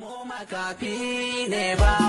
Mu makafi ne ba.